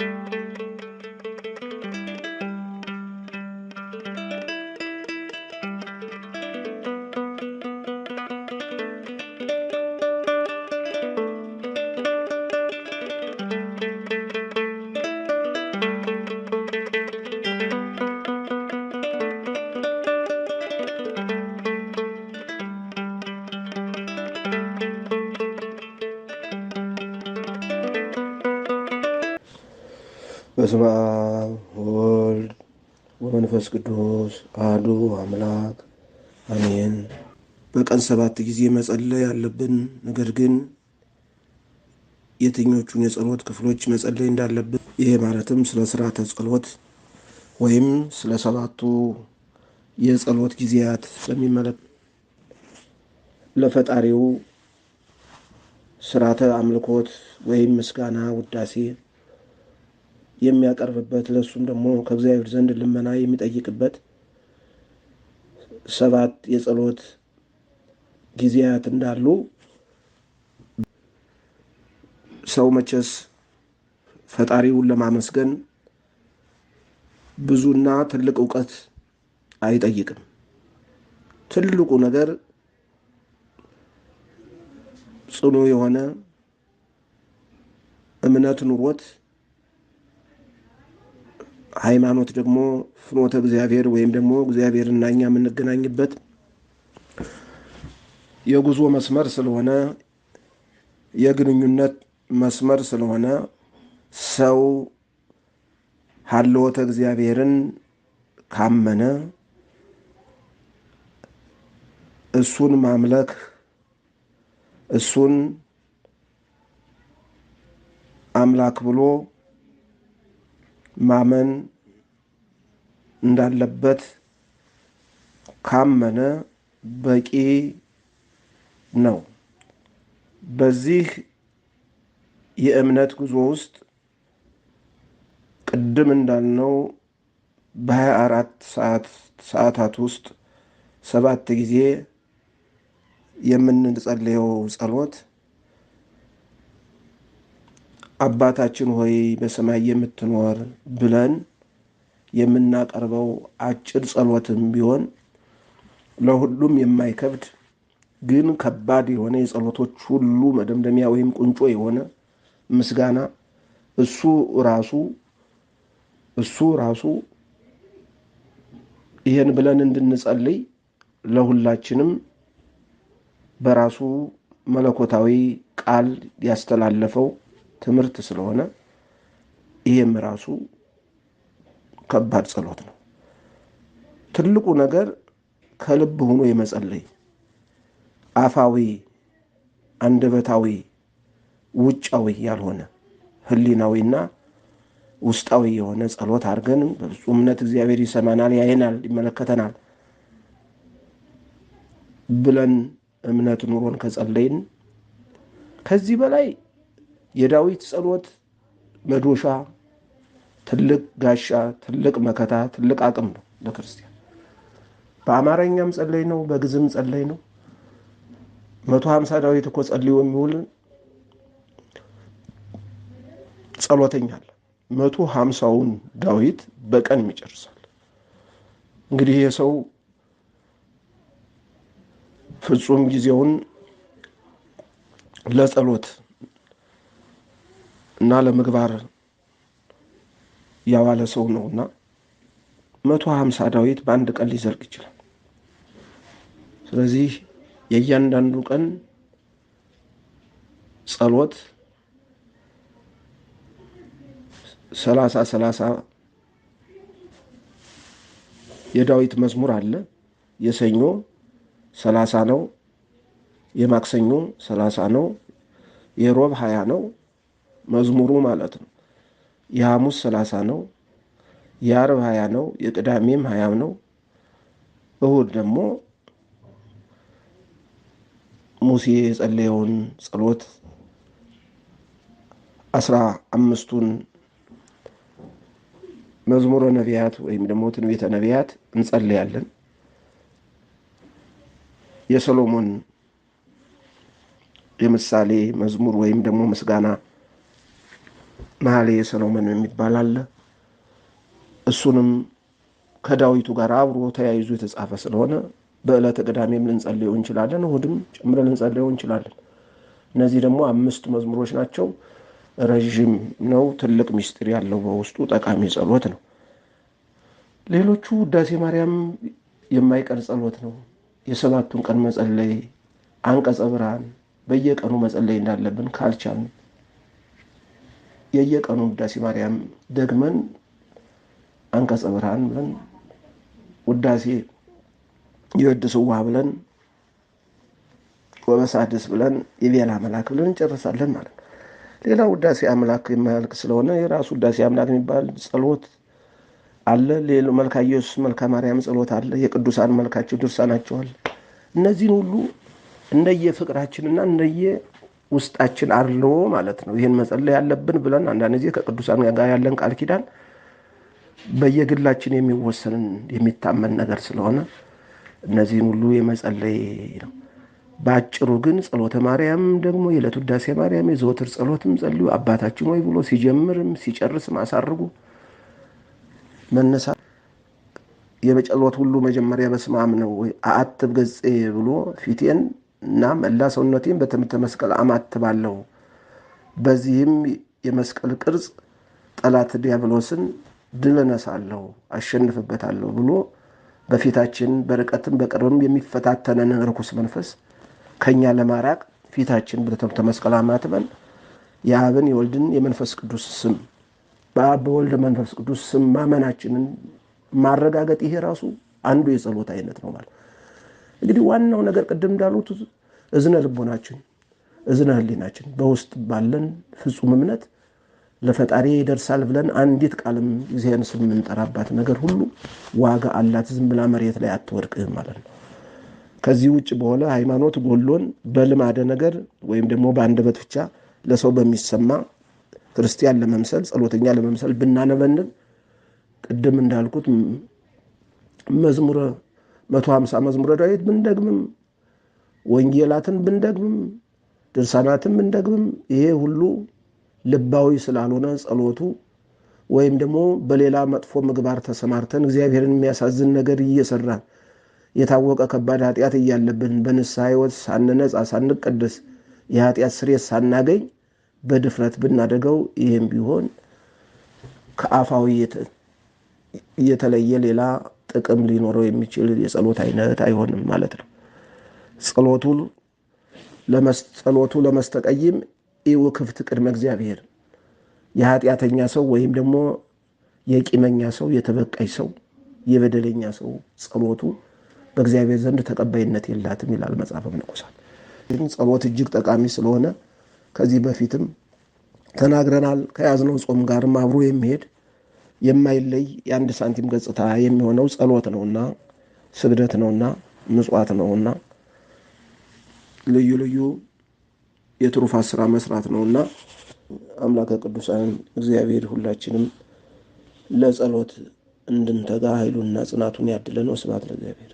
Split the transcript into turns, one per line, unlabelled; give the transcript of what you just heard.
Música በስመ አብ ወመንፈስ ቅዱስ አሐዱ አምላክ አሜን። በቀን ሰባት ጊዜ መጸለይ ያለብን፣ ነገር ግን የትኞቹን የጸሎት ክፍሎች መጸለይ እንዳለብን ይሄ ማለትም ስለ ስርዓተ ጸሎት ወይም ስለ ሰባቱ የጸሎት ጊዜያት በሚመለከት ለፈጣሪው ስርዓተ አምልኮት ወይም ምስጋና፣ ውዳሴ የሚያቀርብበት ለእሱም ደግሞ ከእግዚአብሔር ዘንድ ልመና የሚጠይቅበት ሰባት የጸሎት ጊዜያት እንዳሉ ሰው መቼስ ፈጣሪውን ለማመስገን ብዙና ትልቅ እውቀት አይጠይቅም። ትልቁ ነገር ጽኑ የሆነ እምነት ኑሮት ሃይማኖት ደግሞ ፍኖተ እግዚአብሔር ወይም ደግሞ እና እኛ የምንገናኝበት የጉዞ መስመር ስለሆነ የግንኙነት መስመር ስለሆነ ሰው ሀለወተ እግዚአብሔርን ካመነ እሱን ማምለክ እሱን አምላክ ብሎ ማመን እንዳለበት ካመነ በቂ ነው። በዚህ የእምነት ጉዞ ውስጥ ቅድም እንዳልነው በ24 ሰዓታት ውስጥ ሰባት ጊዜ የምንጸልየው ጸሎት አባታችን ሆይ በሰማይ የምትኖር ብለን የምናቀርበው አጭር ጸሎትም ቢሆን ለሁሉም የማይከብድ ግን ከባድ የሆነ የጸሎቶች ሁሉ መደምደሚያ ወይም ቁንጮ የሆነ ምስጋና እሱ ራሱ እሱ ራሱ ይህን ብለን እንድንጸልይ ለሁላችንም በራሱ መለኮታዊ ቃል ያስተላለፈው ትምህርት ስለሆነ ይህም ራሱ ከባድ ጸሎት ነው። ትልቁ ነገር ከልብ ሆኖ የመጸለይ አፋዊ፣ አንደበታዊ፣ ውጫዊ ያልሆነ ህሊናዊና ውስጣዊ የሆነ ጸሎት አድርገን በፍጹም እምነት እግዚአብሔር ይሰማናል፣ ያይናል፣ ይመለከተናል ብለን እምነት ኑሮን ከጸለይን ከዚህ በላይ የዳዊት ጸሎት መዶሻ፣ ትልቅ ጋሻ፣ ትልቅ መከታ፣ ትልቅ አቅም ነው ለክርስቲያን። በአማርኛም ጸለይ ነው፣ በግዝም ጸለይ ነው። መቶ ሀምሳ ዳዊት እኮ ጸልዮ የሚውል ጸሎተኛል። መቶ ሀምሳውን ዳዊት በቀን ይጨርሳል። እንግዲህ ይህ ሰው ፍጹም ጊዜውን ለጸሎት እና ለምግባር ያዋለ ሰው ነው እና መቶ ሀምሳ ዳዊት በአንድ ቀን ሊዘርግ ይችላል። ስለዚህ የእያንዳንዱ ቀን ጸሎት ሰላሳ ሰላሳ የዳዊት መዝሙር አለ። የሰኞ ሰላሳ ነው። የማክሰኞ ሰላሳ ነው። የሮብ ሀያ ነው። መዝሙሩ ማለት ነው። የሐሙስ ሰላሳ ነው። የአርብ ሀያ ነው። የቅዳሜም ሀያም ነው። እሁድ ደግሞ ሙሴ የጸለየውን ጸሎት አስራ አምስቱን መዝሙረ ነቢያት ወይም ደግሞ ትንቢተ ነቢያት እንጸልያለን። የሰሎሞን የምሳሌ መዝሙር ወይም ደግሞ ምስጋና መኃልየ ሰሎሞን የሚባል አለ። እሱንም ከዳዊቱ ጋር አብሮ ተያይዞ የተጻፈ ስለሆነ በዕለተ ቅዳሜም ልንጸልየው እንችላለን፣ እሑድም ጭምረ ልንጸልየው እንችላለን። እነዚህ ደግሞ አምስት መዝሙሮች ናቸው። ረዥም ነው፣ ትልቅ ምስጢር ያለው በውስጡ ጠቃሚ ጸሎት ነው። ሌሎቹ ውዳሴ ማርያም የማይቀር ጸሎት ነው። የሰባቱን ቀን መጸለይ፣ አንቀጸ ብርሃን በየቀኑ መጸለይ እንዳለብን ካልቻልን የየቀኑ ውዳሴ ማርያም ደግመን አንቀጸ ብርሃን ብለን ውዳሴ የወድስ ውሃ ብለን ወመሳድስ ብለን የቤላ አምላክ ብለን እንጨርሳለን ማለት ነው። ሌላ ውዳሴ አምላክ የማያልቅ ስለሆነ የራሱ ውዳሴ አምላክ የሚባል ጸሎት አለ። ሌሎ መልካ ኢየሱስ፣ መልካ ማርያም ጸሎት አለ። የቅዱሳን መልካቸው ድርሳ ናቸዋል። እነዚህን ሁሉ ፍቅራችንና እንደየ ውስጣችን አለ ማለት ነው። ይህን መጸለይ ያለብን ብለን አንዳንድ ጊዜ ከቅዱሳን ጋር ያለን ቃል ኪዳን በየግላችን የሚወሰንን የሚታመን ነገር ስለሆነ እነዚህን ሁሉ የመጸለይ ነው። በአጭሩ ግን ጸሎተ ማርያም ደግሞ የዕለቱ ውዳሴ ማርያም የዘወትር ጸሎትም ጸልዩ፣ አባታችን ወይ ብሎ ሲጀምርም ሲጨርስም አሳርጉ መነሳት የመጸሎት ሁሉ መጀመሪያ በስመ አብ ነው። አአትብ ገጼ ብሎ ፊቴን እና መላ ሰውነቴን በትምህርተ መስቀል አማትባለሁ። በዚህም የመስቀል ቅርጽ ጠላት ዲያብሎስን ድል እነሳለሁ፣ አሸንፍበታለሁ ብሎ በፊታችን በርቀትም በቅርብም የሚፈታተነን ርኩስ መንፈስ ከእኛ ለማራቅ ፊታችን በትምህርተ መስቀል አማትበን የአብን የወልድን የመንፈስ ቅዱስ ስም በአብ በወልድ መንፈስ ቅዱስ ስም ማመናችንን ማረጋገጥ ይሄ ራሱ አንዱ የጸሎት አይነት ነው ማለት እንግዲህ ዋናው ነገር ቅድም እንዳሉት እዝነ ልቦናችን እዝነ ህሊናችን በውስጥ ባለን ፍጹም እምነት ለፈጣሪ ይደርሳል ብለን አንዲት ቃልም ጊዜን ስምንጠራባት ነገር ሁሉ ዋጋ አላት። ዝም ብላ መሬት ላይ አትወድቅም ማለት ነው። ከዚህ ውጭ በሆነ ሃይማኖት ጎሎን በልማደ ነገር ወይም ደግሞ በአንደበት ብቻ ለሰው በሚሰማ ክርስቲያን ለመምሰል ጸሎተኛ ለመምሰል ብናነበንን ቅድም እንዳልኩት መዝሙረ 150 መዝሙረ ዳዊት ብንደግምም ወንጌላትን ብንደግምም ድርሳናትን ብንደግምም ይሄ ሁሉ ልባዊ ስላልሆነ ጸሎቱ ወይም ደግሞ በሌላ መጥፎ ምግባር ተሰማርተን እግዚአብሔርን የሚያሳዝን ነገር እየሰራን የታወቀ ከባድ ኃጢአት እያለብን በንስሐ ሕይወት ሳንነጻ ሳንቀደስ የኃጢአት ስሬት ሳናገኝ በድፍረት ብናደገው ይህም ቢሆን ከአፋዊ የተለየ ሌላ ጥቅም ሊኖረው የሚችል የጸሎት አይነት አይሆንም ማለት ነው። ጸሎቱ ለመስተቀይም ይው ክፍት ቅድመ እግዚአብሔር የኃጢአተኛ ሰው ወይም ደግሞ የቂመኛ ሰው፣ የተበቃይ ሰው፣ የበደለኛ ሰው ጸሎቱ በእግዚአብሔር ዘንድ ተቀባይነት የላትም ይላል መጽሐፈ መነኮሳት። ግን ጸሎት እጅግ ጠቃሚ ስለሆነ ከዚህ በፊትም ተናግረናል። ከያዝነው ጾም ጋርም አብሮ የሚሄድ የማይለይ የአንድ ሳንቲም ገጽታ የሚሆነው ጸሎት ነውና ስግደት ነውና ምጽዋት ነውና ልዩ ልዩ የትሩፋት ስራ መስራት ነውና አምላከ ቅዱሳን እግዚአብሔር ሁላችንም ለጸሎት እንድንተጋ ኃይሉንና ጽናቱን ያድለን። ወስብሐት ለእግዚአብሔር።